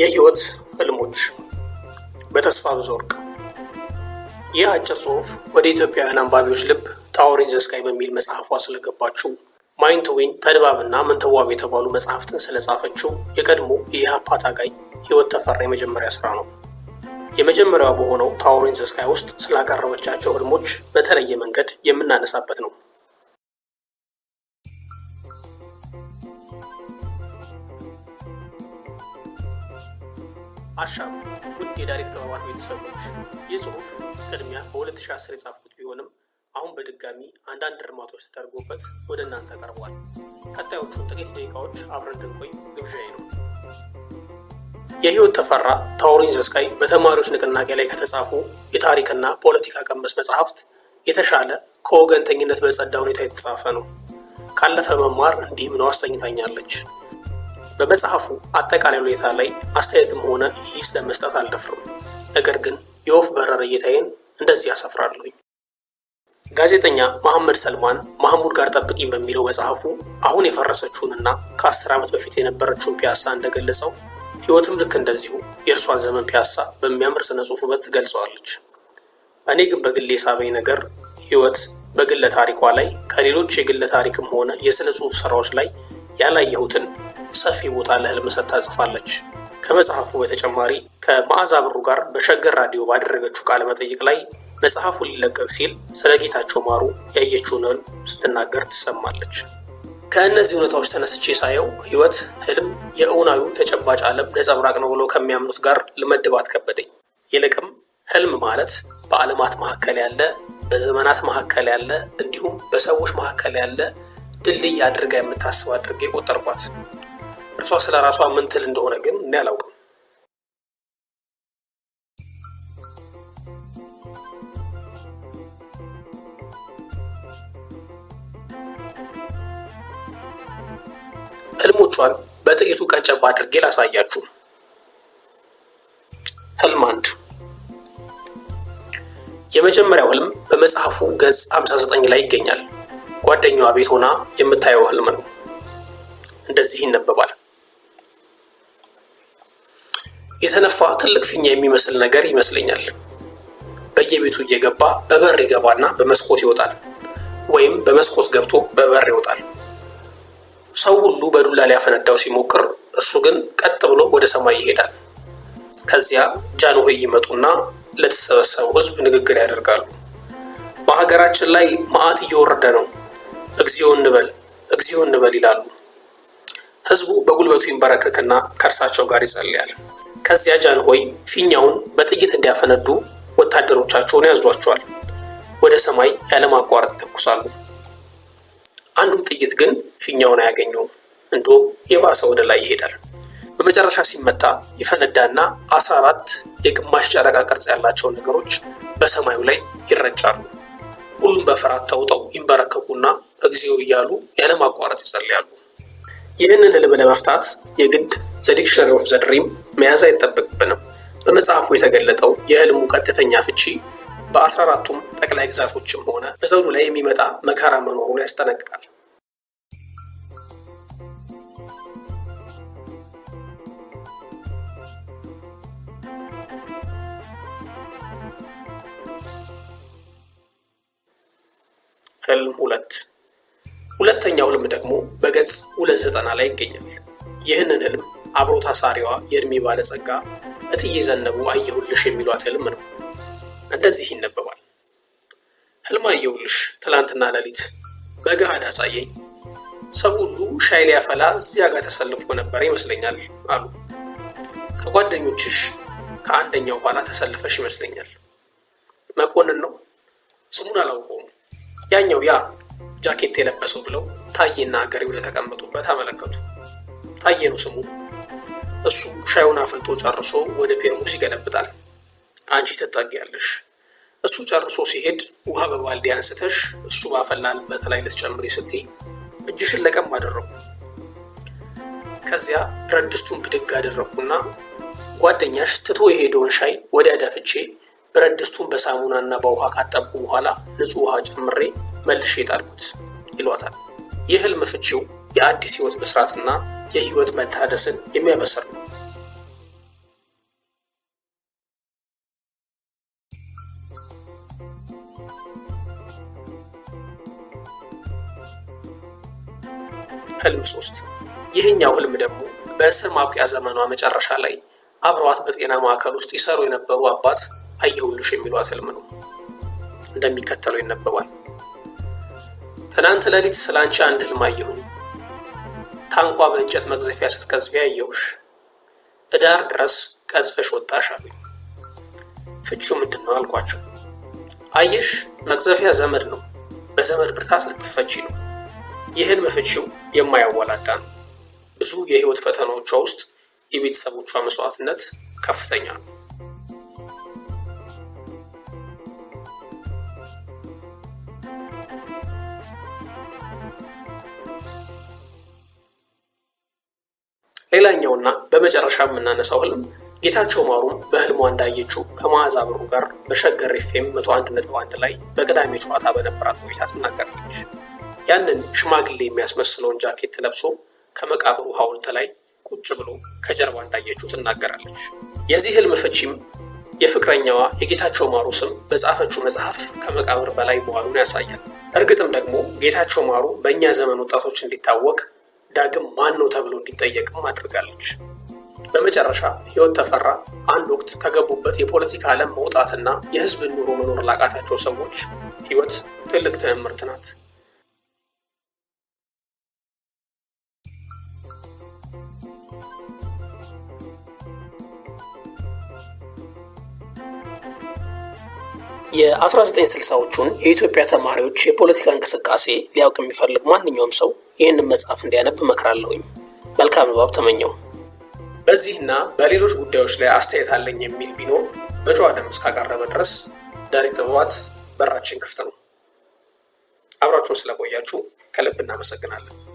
የህይወት ህልሞች በተስፋ ወርቅ ይህ አጭር ጽሁፍ ወደ ኢትዮጵያውያን አንባቢዎች ልብ ታወር ኢን ስካይ በሚል መጽሐፏ ስለገባችው ማይንትዊን ዊን ተድባብና ምንትዋብ የተባሉ መጽሐፍትን ስለጻፈችው የቀድሞ የኢህአፓ ታጋይ ህይወት ተፈራ የመጀመሪያ ስራ ነው። የመጀመሪያዋ በሆነው ታወሪን ኢን ስካይ ውስጥ ስላቀረበቻቸው ህልሞች በተለየ መንገድ የምናነሳበት ነው። አሻም ውድ የዳይሬክተር አባት ቤተሰቦች ይህ ጽሁፍ ቅድሚያ በ2010 የጻፍኩት ቢሆንም አሁን በድጋሚ አንዳንድ እርማቶች ተደርጎበት ወደ እናንተ ቀርቧል። ቀጣዮቹን ጥቂት ደቂቃዎች አብረን ድንቆኝ ግብዣዬ ነው። የህይወት ተፈራ ታውሪን ዘስካይ በተማሪዎች ንቅናቄ ላይ ከተጻፉ የታሪክና ፖለቲካ ቀመስ መጽሐፍት የተሻለ ከወገንተኝነት በጸዳ ሁኔታ የተጻፈ ነው። ካለፈ መማር እንዲህ ነው አሰኝታኛለች። በመጽሐፉ አጠቃላይ ሁኔታ ላይ አስተያየትም ሆነ ሂስ ለመስጠት አልደፍርም። ነገር ግን የወፍ በረር እይታዬን እንደዚህ ያሰፍራለሁ። ጋዜጠኛ መሐመድ ሰልማን ማህሙድ ጋር ጠብቂኝ በሚለው መጽሐፉ አሁን የፈረሰችውንና ከአስር ዓመት በፊት የነበረችውን ፒያሳ እንደገለጸው ህይወትም ልክ እንደዚሁ የእርሷን ዘመን ፒያሳ በሚያምር ስነ ጽሑፍ ውበት ትገልጸዋለች። እኔ ግን በግል የሳበኝ ነገር ህይወት በግለ ታሪኳ ላይ ከሌሎች የግለ ታሪክም ሆነ የስነ ጽሑፍ ስራዎች ላይ ያላየሁትን ሰፊ ቦታ ለህልም ሰጥታ ጽፋለች። ከመጽሐፉ በተጨማሪ ከመዓዛ ብሩ ጋር በሸገር ራዲዮ ባደረገችው ቃለ መጠይቅ ላይ መጽሐፉ ሊለቀቅ ሲል ስለ ጌታቸው ማሩ ያየችውን ህልም ስትናገር ትሰማለች። ከእነዚህ እውነታዎች ተነስቼ ሳየው ህይወት፣ ህልም የእውናዊ ተጨባጭ ዓለም ነጸብራቅ ነው ብሎ ከሚያምኑት ጋር ልመድባት ከበደኝ። ይልቅም ህልም ማለት በዓለማት መካከል ያለ፣ በዘመናት መካከል ያለ እንዲሁም በሰዎች መካከል ያለ ድልድይ አድርጋ የምታስብ አድርጌ ቆጠርኳት። እርሷ ስለ ራሷ ምን ትል እንደሆነ ግን እኔ አላውቅም። ህልሞቿን በጥቂቱ ቀንጨባ አድርጌ ላሳያችሁ። ህልም አንድ። የመጀመሪያው ህልም በመጽሐፉ ገጽ 59 ላይ ይገኛል። ጓደኛዋ ቤት ሆና የምታየው ህልም ነው። እንደዚህ ይነበባል። የተነፋ ትልቅ ፊኛ የሚመስል ነገር ይመስለኛል። በየቤቱ እየገባ በበር ይገባና በመስኮት ይወጣል፣ ወይም በመስኮት ገብቶ በበር ይወጣል። ሰው ሁሉ በዱላ ሊያፈነዳው ሲሞክር እሱ ግን ቀጥ ብሎ ወደ ሰማይ ይሄዳል። ከዚያ ጃንሆይ ይመጡና ለተሰበሰበው ሕዝብ ንግግር ያደርጋሉ። በሀገራችን ላይ መዓት እየወረደ ነው፣ እግዚኦ እንበል እግዚኦ እንበል ይላሉ። ሕዝቡ በጉልበቱ ይንበረከክና ከእርሳቸው ጋር ይጸልያል። ከዚያ ጃንሆይ ፊኛውን በጥይት እንዲያፈነዱ ወታደሮቻቸውን ያዟቸዋል። ወደ ሰማይ ያለማቋረጥ ይተኩሳሉ። አንዱም ጥይት ግን ፊኛውን አያገኘውም። እንዲሁም የባሰ ወደ ላይ ይሄዳል። በመጨረሻ ሲመታ ይፈነዳና አስራ አራት የግማሽ ጨረቃ ቅርጽ ያላቸው ነገሮች በሰማዩ ላይ ይረጫሉ። ሁሉም በፍርሃት ተውጠው ይንበረከቁና እግዚኦ እያሉ ያለማቋረጥ ይጸልያሉ። ይህንን ህልም ለመፍታት የግድ ዘዲክሽነሪ ኦፍ ዘድሪም መያዝ አይጠበቅብንም። በመጽሐፉ የተገለጠው የህልሙ ቀጥተኛ ፍቺ በአስራ አራቱም ጠቅላይ ግዛቶችም ሆነ በዘውዱ ላይ የሚመጣ መከራ መኖሩን ያስጠነቅቃል። ህልም ሁለት ሁለተኛው ህልም ደግሞ በገጽ ሁለት ዘጠና ላይ ይገኛል። ይህንን ህልም አብሮ ታሳሪዋ የእድሜ ባለጸጋ እትዬ ዘነቡ አየሁልሽ የሚሏት ህልም ነው። እንደዚህ ይነበባል። ህልም አየሁልሽ ትላንትና ሌሊት በገሃድ አሳየኝ። ሰው ሁሉ ሻይ ሊያፈላ እዚያ ጋር ተሰልፎ ነበር ይመስለኛል አሉ። ከጓደኞችሽ ከአንደኛው ኋላ ተሰልፈሽ ይመስለኛል። መኮንን ነው ስሙን አላውቀውም። ያኛው ያ ጃኬት የለበሰው ብለው ታዬና አገሬ ወደ ተቀመጡበት አመለከቱ። ታዬ ነው ስሙ። እሱም ሻዩን አፍልቶ ጨርሶ ወደ ፔርሙስ ይገለብጣል። አንቺ ትጠጊያለሽ። እሱ ጨርሶ ሲሄድ ውሃ በባልዲ አንስተሽ እሱ ባፈላንበት ላይ ልትጨምሪ ስትይ እጅሽን ለቀም አደረጉ። ከዚያ ብረት ድስቱን ብድግ አደረግኩና ጓደኛሽ ትቶ የሄደውን ሻይ ወዲያ ዳፍቼ ብረት ድስቱን በሳሙናና በውሃ ካጠብኩ በኋላ ንጹህ ውሃ ጨምሬ መልሼ የጣልኩት ይሏታል። ይህ ህልም ፍቺው የአዲስ ህይወት ብስራትና የህይወት መታደስን የሚያበስር ነው። ከህልም ሶስት ይህኛው ህልም ደግሞ በእስር ማብቂያ ዘመኗ መጨረሻ ላይ አብረዋት በጤና ማዕከል ውስጥ ይሰሩ የነበሩ አባት አየሁልሽ የሚሏት ህልም ነው። እንደሚከተለው ይነበባል። ትናንት ሌሊት ስለ አንቺ አንድ ህልም አየሁኝ። ታንኳ በእንጨት መቅዘፊያ ስትቀዝፊ አየሁሽ። እዳር ድረስ ቀዝፈሽ ወጣሽ አሉኝ። ፍቹ ምንድን ነው አልኳቸው። አየሽ መቅዘፊያ ዘመድ ነው። በዘመድ ብርታት ልትፈቺ ነው የህልም ፍቺው የማያወላዳ ነው። ብዙ የህይወት ፈተናዎቿ ውስጥ የቤተሰቦቿ መስዋዕትነት ከፍተኛ ነው። ሌላኛውና በመጨረሻ የምናነሳው ህልም ጌታቸው ማሩም በህልሟ እንዳየችው ከመዓዛ ብሩ ጋር በሸገር ኤፍ ኤም 101.1 ላይ በቅዳሜ ጨዋታ በነበራት ቆይታ ትናገራለች። ያንን ሽማግሌ የሚያስመስለውን ጃኬት ለብሶ ከመቃብሩ ሐውልት ላይ ቁጭ ብሎ ከጀርባ እንዳየችው ትናገራለች። የዚህ ህልም ፍቺም የፍቅረኛዋ የጌታቸው ማሩ ስም በጻፈችው መጽሐፍ ከመቃብር በላይ መዋሉን ያሳያል። እርግጥም ደግሞ ጌታቸው ማሩ በእኛ ዘመን ወጣቶች እንዲታወቅ ዳግም ማን ነው ተብሎ እንዲጠየቅም አድርጋለች። በመጨረሻ ህይወት ተፈራ አንድ ወቅት ከገቡበት የፖለቲካ ዓለም መውጣትና የህዝብን ኑሮ መኖር ላቃታቸው ሰዎች ህይወት ትልቅ ትምህርት ናት የ1960ዎቹን የኢትዮጵያ ተማሪዎች የፖለቲካ እንቅስቃሴ ሊያውቅ የሚፈልግ ማንኛውም ሰው ይህንን መጽሐፍ እንዲያነብ እመክራለሁኝ። መልካም ንባብ ተመኘው። በዚህና በሌሎች ጉዳዮች ላይ አስተያየት አለኝ የሚል ቢኖር በጨዋ ደም እስካቀረበ ድረስ ዳሬ ጥበባት በራችን ክፍት ነው። አብራችሁን ስለቆያችሁ ከልብ እናመሰግናለን።